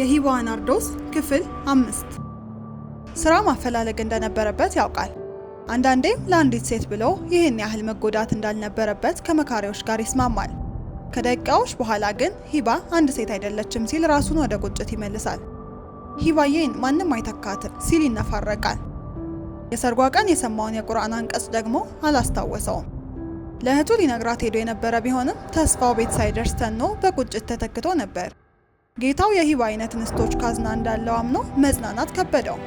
የሂዋ ናርዶስ ክፍል አምስት ስራ ማፈላለግ እንደነበረበት ያውቃል። አንዳንዴም ለአንዲት ሴት ብሎ ይህን ያህል መጎዳት እንዳልነበረበት ከመካሪዎች ጋር ይስማማል። ከደቂቃዎች በኋላ ግን ሂባ አንድ ሴት አይደለችም ሲል ራሱን ወደ ቁጭት ይመልሳል። ሂባዬን ማንም አይተካትም ሲል ይነፋረቃል። የሰርጓ ቀን የሰማውን የቁርአን አንቀጽ ደግሞ አላስታወሰውም። ለእህቱ ሊነግራት ሄዶ የነበረ ቢሆንም ተስፋው ቤት ሳይደርስ ተኖ በቁጭት ተተክቶ ነበር። ጌታው የሂባ አይነት እንስቶች ካዝና እንዳለው አምኖ መጽናናት ከበደው።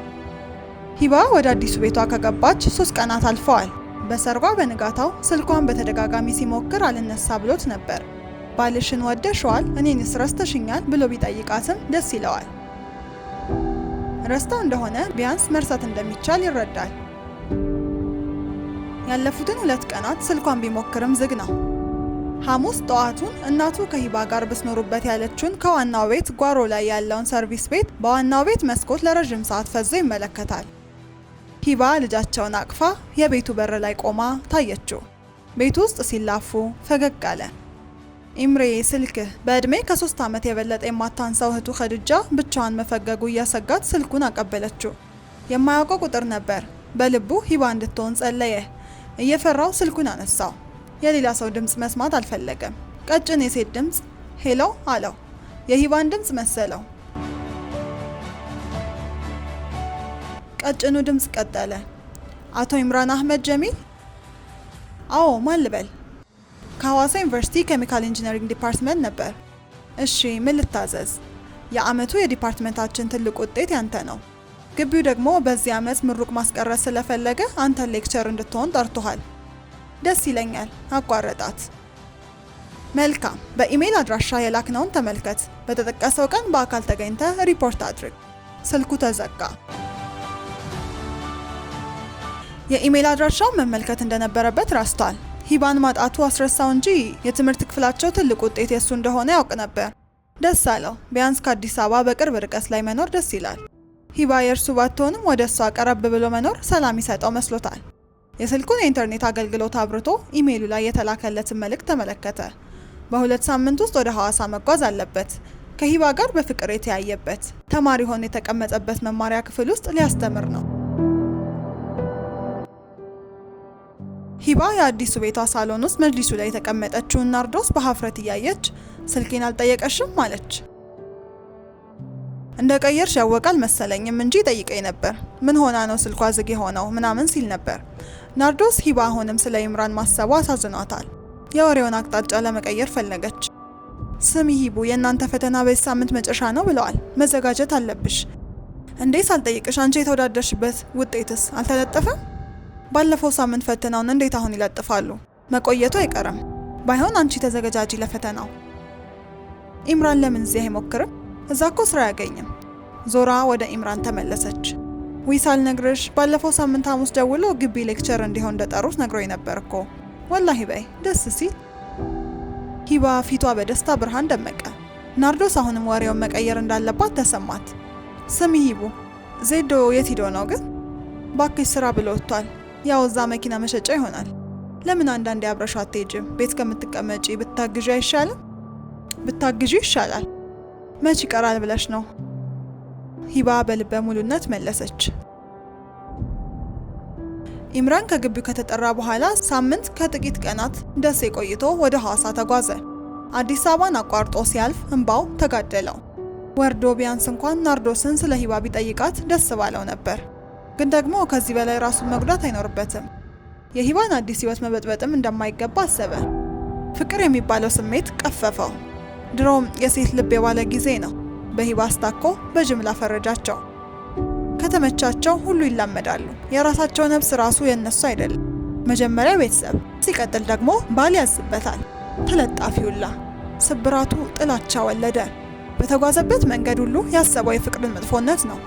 ሂባ ወደ አዲሱ ቤቷ ከገባች ሶስት ቀናት አልፈዋል። በሰርጓ በንጋታው ስልኳን በተደጋጋሚ ሲሞክር አልነሳ ብሎት ነበር። ባልሽን ወደሽዋል፣ እኔንስ ረስተሽኛል ብሎ ቢጠይቃትም ደስ ይለዋል። ረስተው እንደሆነ ቢያንስ መርሳት እንደሚቻል ይረዳል። ያለፉትን ሁለት ቀናት ስልኳን ቢሞክርም ዝግ ነው። ሐሙስ ጠዋቱን እናቱ ከሂባ ጋር ብስኖሩበት ያለችውን ከዋናው ቤት ጓሮ ላይ ያለውን ሰርቪስ ቤት በዋናው ቤት መስኮት ለረዥም ሰዓት ፈዞ ይመለከታል። ሂባ ልጃቸውን አቅፋ የቤቱ በር ላይ ቆማ ታየችው። ቤቱ ውስጥ ሲላፉ ፈገግ አለ። ኢምሬ ስልክህ። በእድሜ ከሶስት ዓመት የበለጠ የማታንሳው እህቱ ኸድጃ ብቻዋን መፈገጉ እያሰጋት ስልኩን አቀበለችው። የማያውቀው ቁጥር ነበር። በልቡ ሂባ እንድትሆን ጸለየ። እየፈራው ስልኩን አነሳው። የሌላ ሰው ድምፅ መስማት አልፈለገም። ቀጭን የሴት ድምፅ ሄሎ አለው። የሂባን ድምፅ መሰለው። ቀጭኑ ድምፅ ቀጠለ። አቶ ኢምራን አህመድ ጀሚል? አዎ፣ ማን ልበል? ከሐዋሳ ዩኒቨርሲቲ ኬሚካል ኢንጂነሪንግ ዲፓርትመንት ነበር። እሺ፣ ምን ልታዘዝ? የአመቱ የዲፓርትመንታችን ትልቅ ውጤት ያንተ ነው። ግቢው ደግሞ በዚህ አመት ምሩቅ ማስቀረት ስለፈለገ አንተን ሌክቸር እንድትሆን ጠርቶሃል። ደስ ይለኛል አቋረጣት። መልካም፣ በኢሜይል አድራሻ የላክነውን ተመልከት። በተጠቀሰው ቀን በአካል ተገኝተ ሪፖርት አድርግ። ስልኩ ተዘጋ። የኢሜይል አድራሻውን መመልከት እንደነበረበት ረስቷል። ሂባን ማጣቱ አስረሳው እንጂ የትምህርት ክፍላቸው ትልቅ ውጤት የእሱ እንደሆነ ያውቅ ነበር። ደስ አለው። ቢያንስ ከአዲስ አበባ በቅርብ ርቀት ላይ መኖር ደስ ይላል። ሂባ የእርሱ ባትሆንም ወደ እሷ ቀረብ ብሎ መኖር ሰላም ይሰጠው መስሎታል። የስልኩን የኢንተርኔት አገልግሎት አብርቶ ኢሜይሉ ላይ የተላከለትን መልእክት ተመለከተ። በሁለት ሳምንት ውስጥ ወደ ሐዋሳ መጓዝ አለበት። ከሂባ ጋር በፍቅር የተያየበት ተማሪ ሆኖ የተቀመጠበት መማሪያ ክፍል ውስጥ ሊያስተምር ነው። ሂባ የአዲሱ ቤቷ ሳሎን ውስጥ መጅሊሱ ላይ የተቀመጠችውን ናርዶስ በሀፍረት እያየች ስልኬን አልጠየቀሽም አለች። እንደ ቀየርሽ ያወቃል መሰለኝም እንጂ ጠይቀኝ ነበር። ምን ሆና ነው ስልኳ ዝግ የሆነው ምናምን ሲል ነበር። ናርዶስ ሂባ አሁንም ስለ ኢምራን ማሰቧ አሳዝኗታል። የወሬውን አቅጣጫ ለመቀየር ፈለገች። ስሚ ሂቡ፣ የእናንተ ፈተና በዚህ ሳምንት መጨረሻ ነው ብለዋል። መዘጋጀት አለብሽ። እንዴት ሳልጠይቅሽ አንቺ የተወዳደርሽበት ውጤትስ አልተለጠፈም? ባለፈው ሳምንት ፈተናውን እንዴት አሁን ይለጥፋሉ? መቆየቱ አይቀርም። ባይሆን አንቺ ተዘገጃጂ ለፈተናው። ኢምራን ለምን እዚህ አይሞክርም? እዛ እኮ ስራ አያገኝም። ዞራ ወደ ኢምራን ተመለሰች። ዊሳል ነግርሽ ባለፈው ሳምንት ሐሙስ ደውሎ ግቢ ሌክቸር እንዲሆን እንደጠሩት ነግሮኝ ነበር እኮ ወላሂ በይ ደስ ሲል። ሂባ ፊቷ በደስታ ብርሃን ደመቀ። ናርዶስ አሁንም ወሬውን መቀየር እንዳለባት ተሰማት። ስሚ ሂቡ፣ ዜዶ የት ሂዶ ነው ግን? ባክሽ ስራ ብሎ ወጥቷል። ያው እዛ መኪና መሸጫ ይሆናል። ለምን አንዳንዴ አብረሻ አትሄጂም? ቤት ከምትቀመጪ ብታግዢ አይሻልም? ብታግዢ ይሻላል። መች ይቀራል ብለሽ ነው? ሂባ በልበ ሙሉነት መለሰች። ኢምራን ከግቢው ከተጠራ በኋላ ሳምንት ከጥቂት ቀናት ደሴ ቆይቶ ወደ ሐዋሳ ተጓዘ። አዲስ አበባን አቋርጦ ሲያልፍ እንባው ተጋደለው። ወርዶ ቢያንስ እንኳን ናርዶስን ስለ ሂባ ቢጠይቃት ደስ ባለው ነበር። ግን ደግሞ ከዚህ በላይ ራሱን መጉዳት አይኖርበትም። የሂባን አዲስ ሕይወት መበጥበጥም እንደማይገባ አሰበ። ፍቅር የሚባለው ስሜት ቀፈፈው። ድሮም የሴት ልብ የባለ ጊዜ ነው። በሂባ አስታኮ በጅምላ ፈረጃቸው። ከተመቻቸው ሁሉ ይላመዳሉ። የራሳቸው ነፍስ ራሱ የነሱ አይደለም። መጀመሪያ ቤተሰብ፣ ሲቀጥል ደግሞ ባል ያዝበታል። ተለጣፊውላ ስብራቱ ጥላቻ ወለደ። በተጓዘበት መንገድ ሁሉ ያሰበው የፍቅርን መጥፎነት ነው።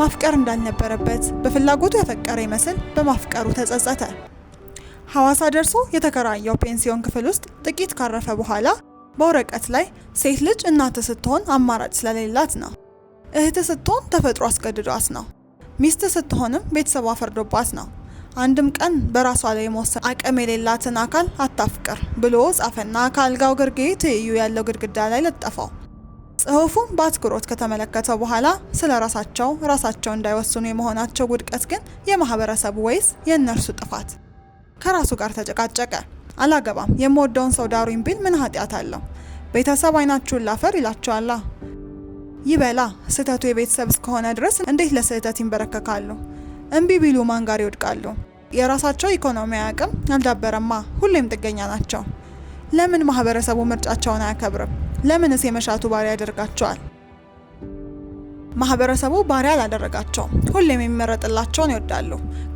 ማፍቀር እንዳልነበረበት በፍላጎቱ ያፈቀረ ይመስል በማፍቀሩ ተጸጸተ። ሐዋሳ ደርሶ የተከራየው ፔንሲዮን ክፍል ውስጥ ጥቂት ካረፈ በኋላ በወረቀት ላይ ሴት ልጅ እናት ስትሆን አማራጭ ስለሌላት ነው። እህት ስትሆን ተፈጥሮ አስገድዷት ነው። ሚስት ስትሆንም ቤተሰቧ ፈርዶባት ነው። አንድም ቀን በራሷ ላይ የመወሰን አቅም የሌላትን አካል አታፍቅር ብሎ ጻፈና ከአልጋው ግርጌ ትይዩ ያለው ግድግዳ ላይ ለጠፈው። ጽሑፉን በአትኩሮት ከተመለከተ በኋላ ስለ ራሳቸው ራሳቸው እንዳይወስኑ የመሆናቸው ውድቀት ግን የማህበረሰቡ ወይስ የእነርሱ ጥፋት? ከራሱ ጋር ተጨቃጨቀ። አላገባም የምወደውን ሰው ዳሩኝ ቢል ምን ኃጢአት አለው? ቤተሰብ አይናችሁን ላፈር ይላቸዋላ? ይበላ ስህተቱ የቤተሰብ እስከሆነ ድረስ እንዴት ለስህተት ይንበረከካሉ? እምቢ ቢሉ ማን ጋር ይወድቃሉ? የራሳቸው ኢኮኖሚያዊ አቅም አልዳበረማ፣ ሁሌም ጥገኛ ናቸው። ለምን ማህበረሰቡ ምርጫቸውን አያከብርም? ለምንስ የመሻቱ ባሪያ ያደርጋቸዋል? ማህበረሰቡ ባሪያ አላደረጋቸውም። ሁሌም የሚመረጥላቸውን ይወዳሉ።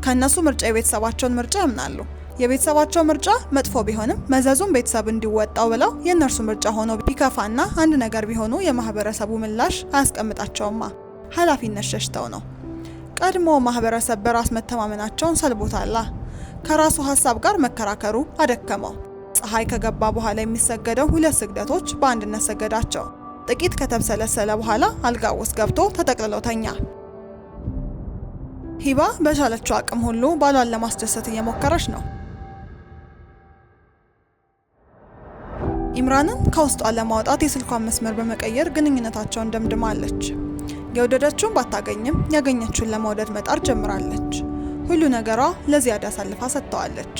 ከእነሱ ምርጫ የቤተሰባቸውን ምርጫ ያምናሉ። የቤተሰባቸው ምርጫ መጥፎ ቢሆንም መዘዙን ቤተሰብ እንዲወጣው ብለው የእነርሱ ምርጫ ሆኖ ቢከፋና አንድ ነገር ቢሆኑ የማህበረሰቡ ምላሽ አያስቀምጣቸውማ። ኃላፊነት ሸሽተው ነው። ቀድሞ ማህበረሰብ በራስ መተማመናቸውን ሰልቦታላ። ከራሱ ሀሳብ ጋር መከራከሩ አደከመው። ፀሐይ ከገባ በኋላ የሚሰገደው ሁለት ስግደቶች በአንድነት ሰገዳቸው። ጥቂት ከተብሰለሰለ በኋላ አልጋ ውስጥ ገብቶ ተጠቅልሎ ተኛ። ሂባ በቻለችው አቅም ሁሉ ባሏን ለማስደሰት እየሞከረች ነው። ኢምራንን ከውስጧ ለማውጣት የስልኳን መስመር በመቀየር ግንኙነታቸውን ደምድማለች። የወደደችውን ባታገኝም ያገኘችውን ለመውደድ መጣር ጀምራለች። ሁሉ ነገሯ ለዚያድ አሳልፋ ሰጥተዋለች።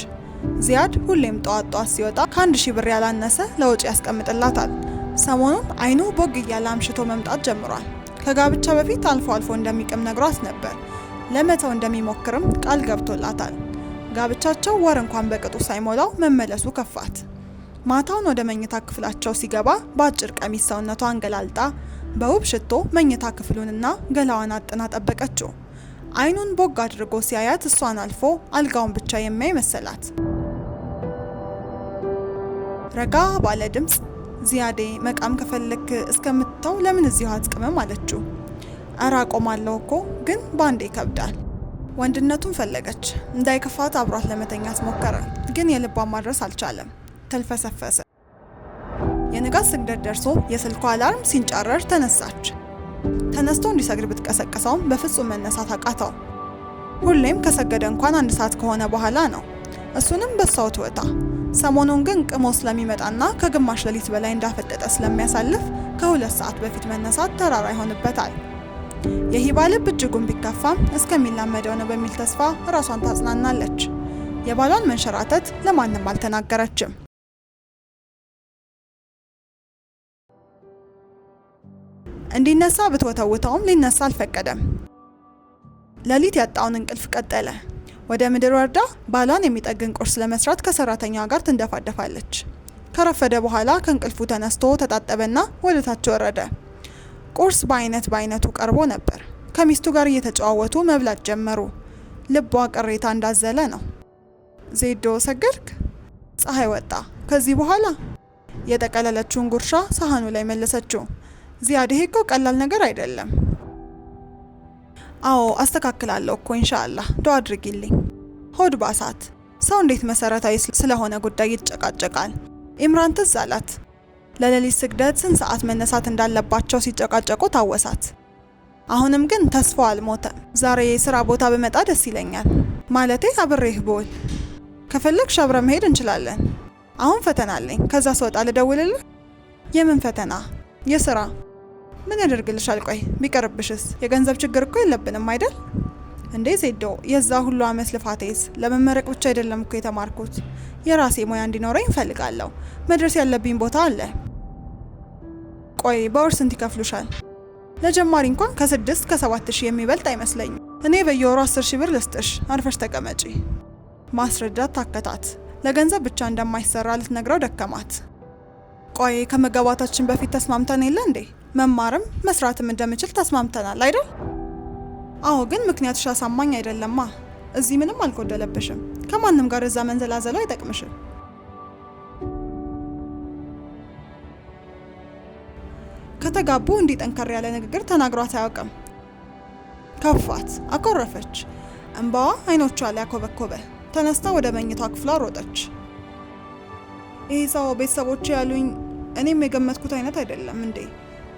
ዚያድ ሁሌም ጠዋት ጠዋት ሲወጣ ከአንድ ሺህ ብር ያላነሰ ለውጪ ያስቀምጥላታል። ሰሞኑን አይኑ ቦግ እያለ አምሽቶ መምጣት ጀምሯል። ከጋብቻ በፊት አልፎ አልፎ እንደሚቅም ነግሯት ነበር። ለመተው እንደሚሞክርም ቃል ገብቶላታል። ጋብቻቸው ወር እንኳን በቅጡ ሳይሞላው መመለሱ ከፋት። ማታውን ወደ መኝታ ክፍላቸው ሲገባ በአጭር ቀሚስ ሰውነቷ አንገላልጣ በውብ ሽቶ መኝታ ክፍሉንና ገላዋን አጥና ጠበቀችው። አይኑን ቦግ አድርጎ ሲያያት እሷን አልፎ አልጋውን ብቻ የሚያይ መሰላት። ረጋ ባለ ድምፅ ዚያዴ መቃም ከፈለክ እስከምትተው ለምን እዚሁ አትቅምም? አለችው። እረ አቆማለሁ እኮ ግን በአንዴ ይከብዳል። ወንድነቱን ፈለገች። እንዳይከፋት አብሯት ለመተኛት ሞከረ፣ ግን የልቧን ማድረስ አልቻለም። ተልፈሰፈሰ። የንጋት ስግደት ደርሶ የስልኩ አላርም ሲንጫረር ተነሳች። ተነስቶ እንዲሰግድ ብትቀሰቀሰውም በፍጹም መነሳት አቃተው። ሁሌም ከሰገደ እንኳን አንድ ሰዓት ከሆነ በኋላ ነው። እሱንም በሳው ትወታ። ሰሞኑን ግን ቅሞ ስለሚመጣና ከግማሽ ሌሊት በላይ እንዳፈጠጠ ስለሚያሳልፍ ከሁለት ሰዓት በፊት መነሳት ተራራ ይሆንበታል። የሂባ ልብ እጅጉን ቢከፋም እስከሚላመደው ነው በሚል ተስፋ ራሷን ታጽናናለች። የባሏን መንሸራተት ለማንም አልተናገረችም። እንዲነሳ ብትወተውተውም ሊነሳ አልፈቀደም። ሌሊት ያጣውን እንቅልፍ ቀጠለ። ወደ ምድር ወርዳ ባሏን የሚጠግን ቁርስ ለመስራት ከሰራተኛዋ ጋር ትንደፋደፋለች። ከረፈደ በኋላ ከእንቅልፉ ተነስቶ ተጣጠበና ወደ ታች ወረደ። ቁርስ በአይነት በአይነቱ ቀርቦ ነበር። ከሚስቱ ጋር እየተጨዋወቱ መብላት ጀመሩ። ልቧ ቅሬታ እንዳዘለ ነው። ዜዶ ሰገድክ፣ ፀሐይ ወጣ። ከዚህ በኋላ የጠቀለለችውን ጉርሻ ሳህኑ ላይ መለሰችው። ዚያድ ይሄ እኮ ቀላል ነገር አይደለም። አዎ አስተካክላለሁ እኮ ኢንሻአላህ፣ ዱአ አድርጊልኝ። ሆድ ባሳት። ሰው እንዴት መሰረታዊ ስለሆነ ጉዳይ ይጨቃጨቃል? ኢምራን ትዝ አላት። ለሌሊት ስግደት ስንት ሰዓት መነሳት እንዳለባቸው ሲጨቃጨቁ ታወሳት። አሁንም ግን ተስፋ አልሞተም። ዛሬ የስራ ቦታ በመጣ ደስ ይለኛል። ማለቴ አብሬህ ቦል ከፈለግሽ አብረ መሄድ እንችላለን። አሁን ፈተና አለኝ። ከዛ ስወጣ ልደውልልህ። የምን ፈተና? የስራ ምን ያደርግልሻል? ቆይ ቢቀርብሽስ? የገንዘብ ችግር እኮ የለብንም አይደል? እንዴ ዜዶ፣ የዛ ሁሉ አመት ልፋቴስ ለመመረቅ ብቻ አይደለም እኮ የተማርኩት። የራሴ ሙያ እንዲኖረኝ እፈልጋለሁ። መድረስ ያለብኝ ቦታ አለ። ቆይ በወር ስንት ይከፍሉሻል? ለጀማሪ እንኳን ከስድስት ከሰባት ሺህ የሚበልጥ አይመስለኝም። እኔ በየወሩ አስር ሺህ ብር ልስጥሽ፣ አርፈሽ ተቀመጪ። ማስረዳት ታከታት። ለገንዘብ ብቻ እንደማይሰራ ልትነግረው ደከማት። ቆይ ከመገባታችን በፊት ተስማምተን የለ እንዴ? መማርም መስራትም እንደምችል ተስማምተናል አይደል? አዎ፣ ግን ምክንያትሽ አሳማኝ አይደለማ። እዚህ ምንም አልጎደለብሽም። ከማንም ጋር እዛ መንዘላዘሉ አይጠቅምሽም። ከተጋቡ እንዲህ ጠንከር ያለ ንግግር ተናግሯት አያውቅም። ከፋት፣ አኮረፈች። እንባዋ አይኖቿ ላይ አኮበኮበ። ተነስታ ወደ መኝቷ ክፍሏ ሮጠች። ይህ ሰው ቤተሰቦች ያሉኝ እኔም የገመትኩት አይነት አይደለም እንዴ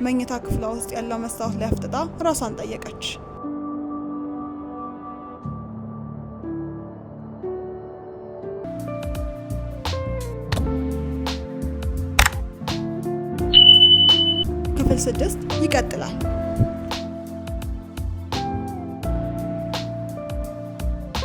መኝታ ክፍሏ ውስጥ ያለው መስታወት ላይ አፍጥጣ ራሷን ጠየቀች። ክፍል ስድስት ይቀጥላል።